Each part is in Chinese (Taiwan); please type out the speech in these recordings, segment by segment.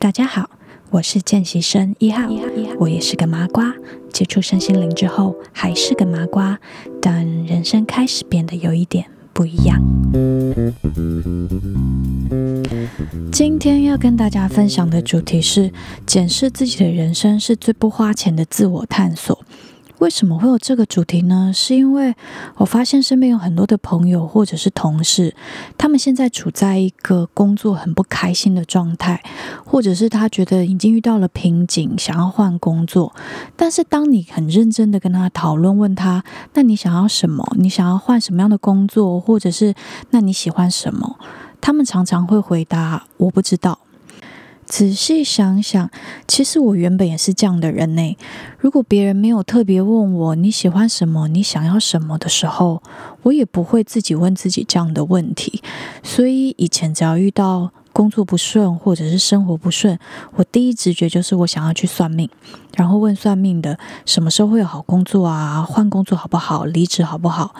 大家好，我是見習生一號，一號一號我也是個麻瓜。接觸身心靈之後，還是個麻瓜，但人生開始變得有一點不一樣。今天要跟大家分享的主題是：檢視自己的人生是最不花錢的自我探索。為什麼會有這個主題呢？是因為我發現身邊有很多的朋友或者是同事，他們現在處在一個工作很不開心的狀態，或者是他覺得已經遇到了瓶頸，想要換工作。但是當你很認真的跟他討論，問他那你想要什麼？你想要換什麼樣的工作？或者是那你喜歡什麼？他們常常會回答：我不知道。仔細想想，其實我原本也是這樣的人呢。如果別人沒有特別問我你喜歡什麼、你想要什麼的時候，我也不會自己問自己這樣的問題。所以以前只要遇到工作不順或者是生活不順，我第一直覺就是我想要去算命，然後問算命的什麼時候會有好工作啊，換工作好不好，離職好不好。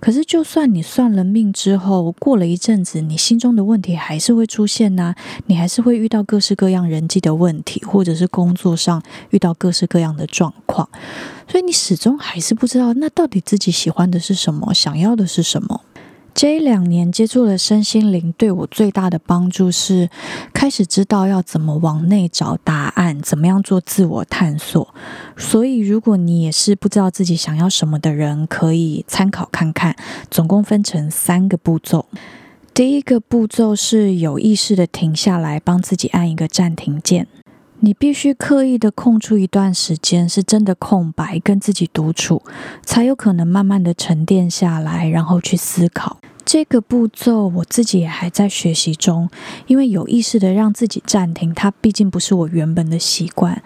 可是，就算你算了命之後，過了一陣子，你心中的問題還是會出現吶，你還是會遇到各式各樣人際的問題，或者是工作上遇到各式各樣的狀況，所以你始終還是不知道，那到底自己喜歡的是什麼，想要的是什麼。這一兩年接觸了身心靈，對我最大的幫助是開始知道要怎麼往內找答案，怎麼樣做自我探索。所以，如果你也是不知道自己想要什麼的人，可以參考看看。總共分成三個步驟，第一個步驟是有意識的停下來，幫自己按一個暫停鍵。你必須刻意的空出一段時間，是真的空白，跟自己獨處，才有可能慢慢的沉澱下來，然後去思考。這個步驟我自己也還在學習中，因為有意識的讓自己暫停，它畢竟不是我原本的習慣。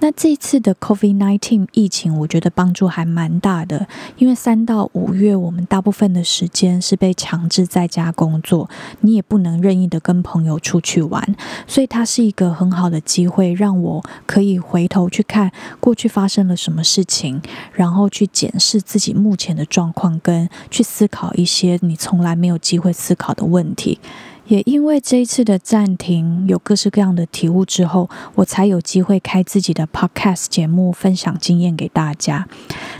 那這次的 COVID-19 疫情，我覺得幫助還蠻大的，因為三到五月我們大部分的時間是被強制在家工作，你也不能任意的跟朋友出去玩，所以它是一個很好的機會，讓我可以回頭去看過去發生了什麼事情，然後去檢視自己目前的狀況，跟去思考一些你從從來沒有機會思考的問題，也因為這一次的暫停，有各式各樣的體悟之後，我才有機會開自己的 podcast 節目，分享經驗給大家。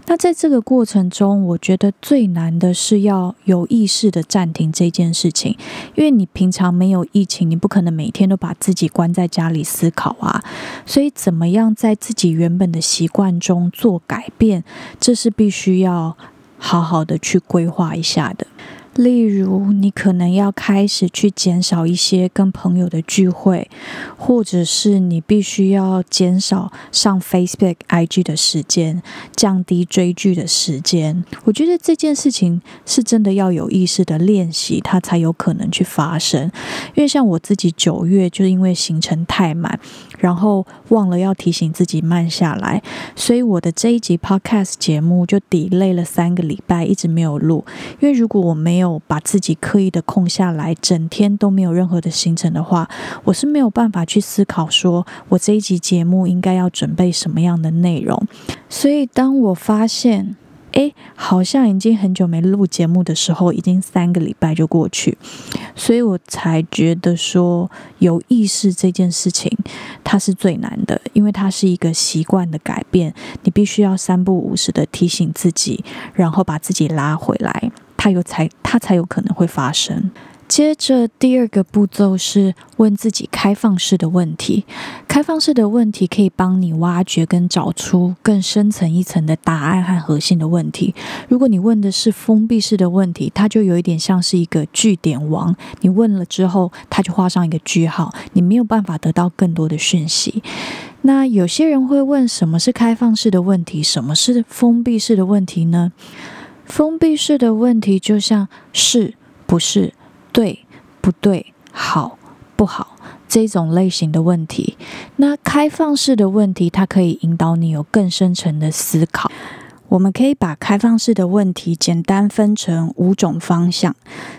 那在這個過程中，我覺得最難的是要有意識的暫停這件事情，因為你平常沒有疫情，你不可能每天都把自己關在家裡思考啊。所以，怎麼樣在自己原本的習慣中做改變，這是必須要好好的去規劃一下的。例如，你可能要開始去減少一些跟朋友的聚會，或者是你必須要減少上 Facebook、IG 的時間，降低追劇的時間。我覺得這件事情是真的要有意識的練習，它才有可能去發生。因為像我自己，九月就是因為行程太滿。然後忘了要提醒自己慢下來，所以我的這一集 podcast 節目就 delay 了三個禮拜，一直沒有錄。因為如果我沒有把自己刻意的空下來，整天都沒有任何的行程的話，我是沒有辦法去思考說我這一集節目應該要準備什麼樣的內容。所以當我發現，哎，好像已經很久沒錄節目的時候，已經三個禮拜就過去。所以我才覺得說有意識這件事情，它是最難的，因為它是一個習慣的改變，你必須要三不五時的提醒自己，然後把自己拉回來，它有才，它才有可能會發生。接着第二個步驟是問自己開放式的問題。開放式的問題可以幫你挖掘跟找出更深層一層的答案和核心的問題。如果你問的是封閉式的問題，它就有一點像是一個句點王。你問了之後，它就畫上一個句號，你沒有辦法得到更多的訊息。那有些人會問：什麼是開放式的問題？什麼是封閉式的問題呢？封閉式的問題就像是不是。對不對？好不好？這種類型的問題，那開放式的問題，它可以引導你有更深層的思考。我們可以把開放式的問題簡單分成五種方向。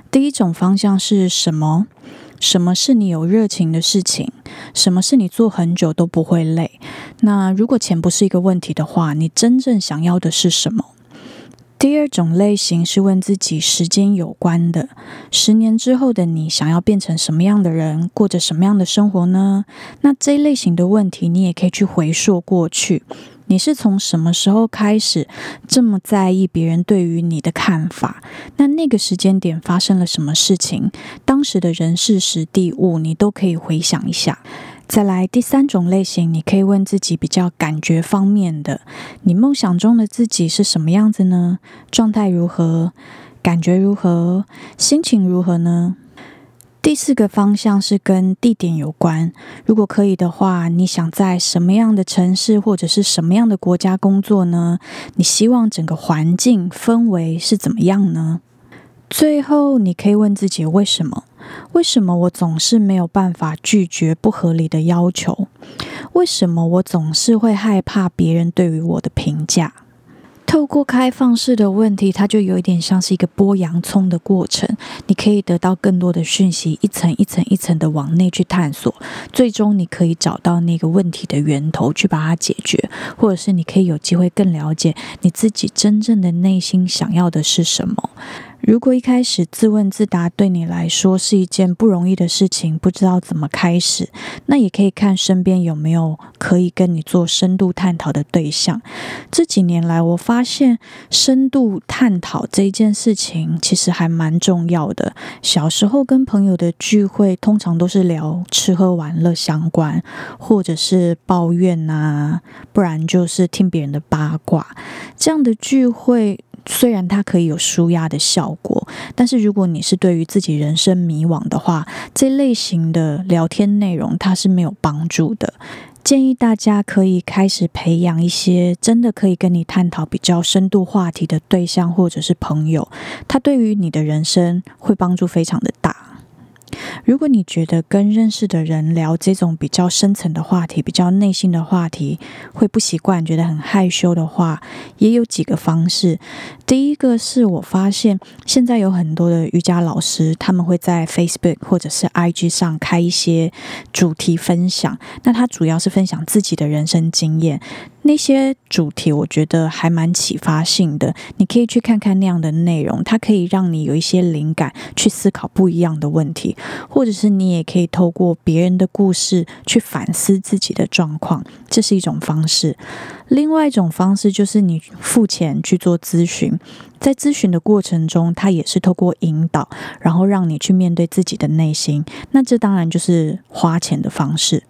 第一種方向是什麼？什麼是你有熱情的事情？什麼是你做很久都不會累？那如果錢不是一個問題的話，你真正想要的是什麼？第二種類型是問自己時間有關的，十年之後的你想要變成什麼樣的人，過着什麼樣的生活呢？那這一類型的問題，你也可以去回溯過去，你是從什麼時候開始這麼在意別人對於你的看法？那那個時間點發生了什麼事情？當時的人事時地物，你都可以回想一下。再來第三種類型，你可以問自己比較感覺方面的，你夢想中的自己是什麼樣子呢？狀態如何？感覺如何？心情如何呢？第四個方向是跟地點有關，如果可以的話，你想在什麼樣的城市或者是什麼樣的國家工作呢？你希望整個環境氛圍是怎麼樣呢？最後，你可以問自己為什麼。為什麼我總是沒有辦法拒絕不合理的要求？為什麼我總是會害怕別人對於我的評價？透過開放式的問題，它就有一點像是一個剝洋蔥的過程。你可以得到更多的訊息，一層一層一層的往內去探索，最終你可以找到那個問題的源頭去把它解決，或者是你可以有機會更了解你自己真正的內心想要的是什麼。如果一開始自問自答對你來說是一件不容易的事情，不知道怎麼開始，那也可以看身邊有沒有可以跟你做深度探討的對象。這幾年來，我發現深度探討這一件事情其實還蠻重要的。小時候跟朋友的聚會，通常都是聊吃喝玩樂相關，或者是抱怨啊，不然就是聽別人的八卦。這樣的聚會。雖然它可以有紓壓的效果，但是如果你是對於自己人生迷惘的話，這類型的聊天內容它是沒有幫助的。建議大家可以開始培養一些真的可以跟你探討比較深度話題的對象或者是朋友，它對於你的人生會幫助非常的大。如果你覺得跟認識的人聊這種比較深層的話題，比較內心的話題會不習慣，覺得很害羞的話，也有幾個方式。第一個是我發現，現在有很多的瑜伽老師，他們會在 Facebook 或者是 IG 上開一些主題分享。那他主要是分享自己的人生經驗。那些主題我覺得還蠻啟發性的，你可以去看看那樣的內容，它可以讓你有一些靈感去思考不一樣的問題，或者是你也可以透過別人的故事去反思自己的狀況，這是一種方式。另外一種方式就是你付錢去做諮詢，在諮詢的過程中，他也是透過引導，然後讓你去面對自己的內心。那這當然就是花錢的方式。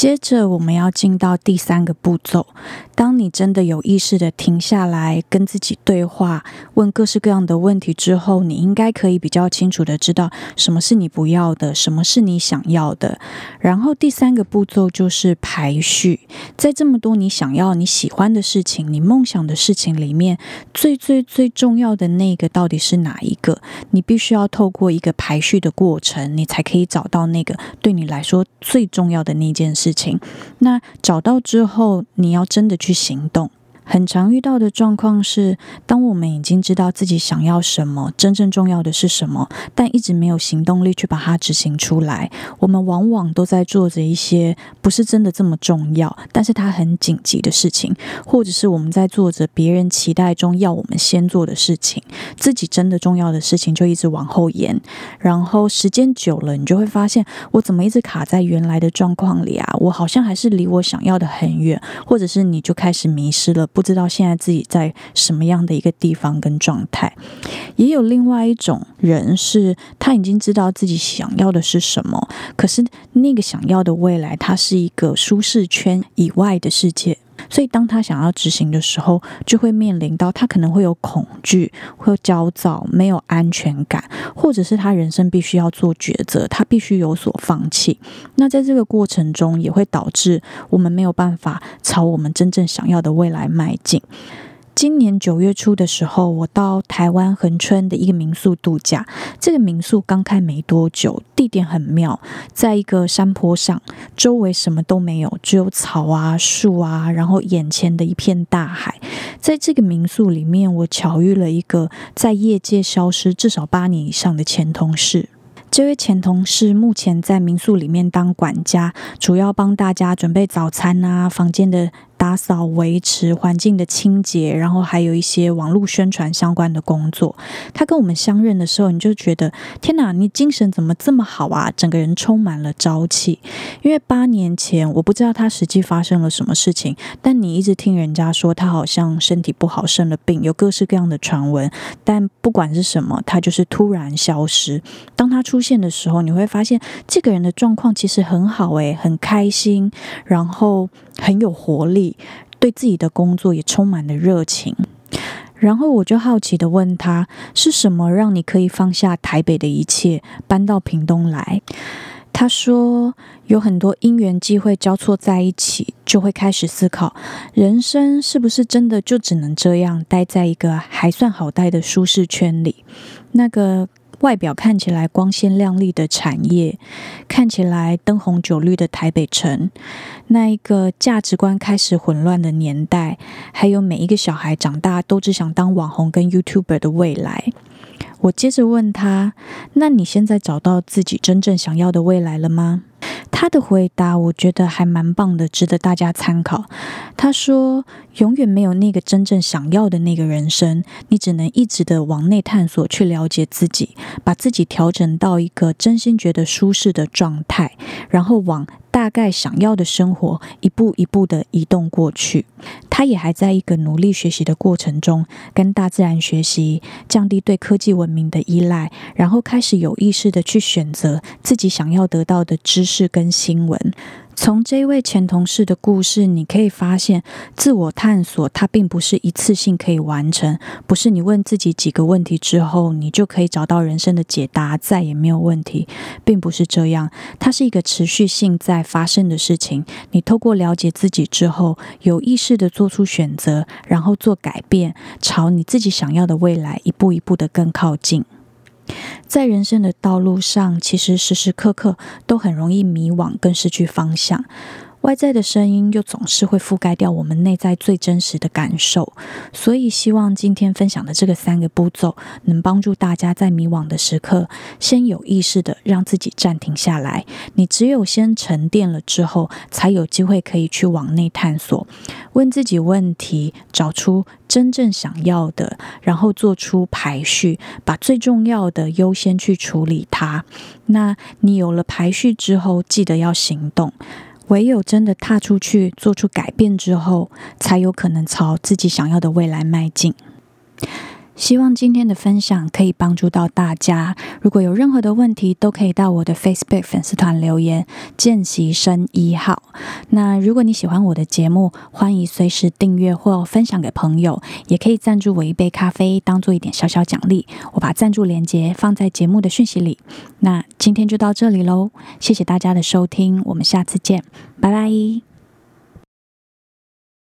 接着我們要進到第三個步驟。當你真的有意識的停下來跟自己對話，問各式各樣的問題之後，你應該可以比較清楚的知道什麼是你不要的，什麼是你想要的。然後第三個步驟就是排序。在這麼多你想要、你喜歡的事情、你夢想的事情裡面，最最最重要的那個到底是哪一個？你必須要透過一個排序的過程，你才可以找到那個對你來說最重要的那件事。事情，那找到之後，你要真的去行動。很常遇到的狀況是，當我們已經知道自己想要什麼，真正重要的是什麼，但一直沒有行動力去把它執行出來。我們往往都在做着一些不是真的這麼重要，但是它很緊急的事情，或者是我們在做着別人期待中要我們先做的事情，自己真的重要的事情就一直往後延。然後時間久了，你就會發現，我怎麼一直卡在原來的狀況裡啊？我好像還是離我想要的很遠，或者是你就開始迷失了。不知道現在自己在什麼樣的一個地方跟狀態，也有另外一種人是，他已經知道自己想要的是什麼，可是那個想要的未來，它是一個舒適圈以外的世界。所以，當他想要執行的時候，就會面臨到他可能會有恐懼、會有焦躁、沒有安全感，或者是他人生必須要做抉擇，他必須有所放棄。那在這個過程中，也會導致我們沒有辦法朝我們真正想要的未來邁進。今年九月初的時候，我到台灣恆春的一個民宿度假。這個民宿剛開沒多久，地點很妙，在一個山坡上，周圍什麼都沒有，只有草啊、樹啊，然後眼前的一片大海。在這個民宿裡面，我巧遇了一個在業界消失至少八年以上的前同事。這位前同事目前在民宿裡面當管家，主要幫大家準備早餐啊，房間的。打掃、維持環境的清潔，然後還有一些網絡宣傳相關的工作。他跟我們相認的時候，你就覺得天哪，你精神怎麼這麼好啊？整個人充滿了朝氣。因為八年前，我不知道他實際發生了什麼事情，但你一直聽人家說他好像身體不好，生了病，有各式各樣的傳聞。但不管是什麼，他就是突然消失。當他出現的時候，你會發現這個人的狀況其實很好、欸，誒，很開心，然後。很有活力，對自己的工作也充滿了熱情。然後我就好奇地問他，是什麼讓你可以放下台北的一切，搬到屏東來？他說，有很多因緣際會交錯在一起，就會開始思考，人生是不是真的就只能這樣待在一個還算好待的舒適圈裡？那個。外表看起來光鮮亮麗的產業，看起來燈紅酒綠的台北城，那一個價值觀開始混亂的年代，還有每一個小孩長大都只想當網紅跟 YouTuber 的未來。我接着問他，那你現在找到自己真正想要的未來了嗎？他的回答我覺得還蠻棒的，值得大家參考。他說：“永遠沒有那個真正想要的那個人生，你只能一直的往內探索，去了解自己，把自己調整到一個真心覺得舒適的狀態，然後往大概想要的生活一步一步的移動過去。”他也還在一個努力學習的過程中，跟大自然學習，降低對科技文明的依賴，然後開始有意識的去選擇自己想要得到的知識。事跟新聞，從這位前同事的故事，你可以發現，自我探索它並不是一次性可以完成，不是你問自己幾個問題之後，你就可以找到人生的解答，再也沒有問題，並不是這樣，它是一個持續性在發生的事情。你透過了解自己之後，有意識的做出選擇，然後做改變，朝你自己想要的未來一步一步的更靠近。在人生的道路上，其實時時刻刻都很容易迷惘，跟失去方向。外在的聲音又總是會覆蓋掉我們內在最真實的感受，所以希望今天分享的這個三個步驟，能幫助大家在迷惘的時刻，先有意識地讓自己暫停下來。你只有先沉澱了之後，才有機會可以去往內探索，問自己問題，找出真正想要的，然後做出排序，把最重要的優先去處理它。那你有了排序之後，記得要行動。唯有真的踏出去，做出改變之後，才有可能朝自己想要的未來邁進。希望今天的分享可以幫助到大家。如果有任何的問題，都可以到我的 Facebook 粉絲團留言“見習生一號”。那如果你喜歡我的節目，歡迎隨時訂閱或分享給朋友，也可以贊助我一杯咖啡，當做一點小小獎勵。我把贊助鏈接放在節目的訊息裡。那今天就到這裡嘍，謝謝大家的收聽，我們下次見，拜拜。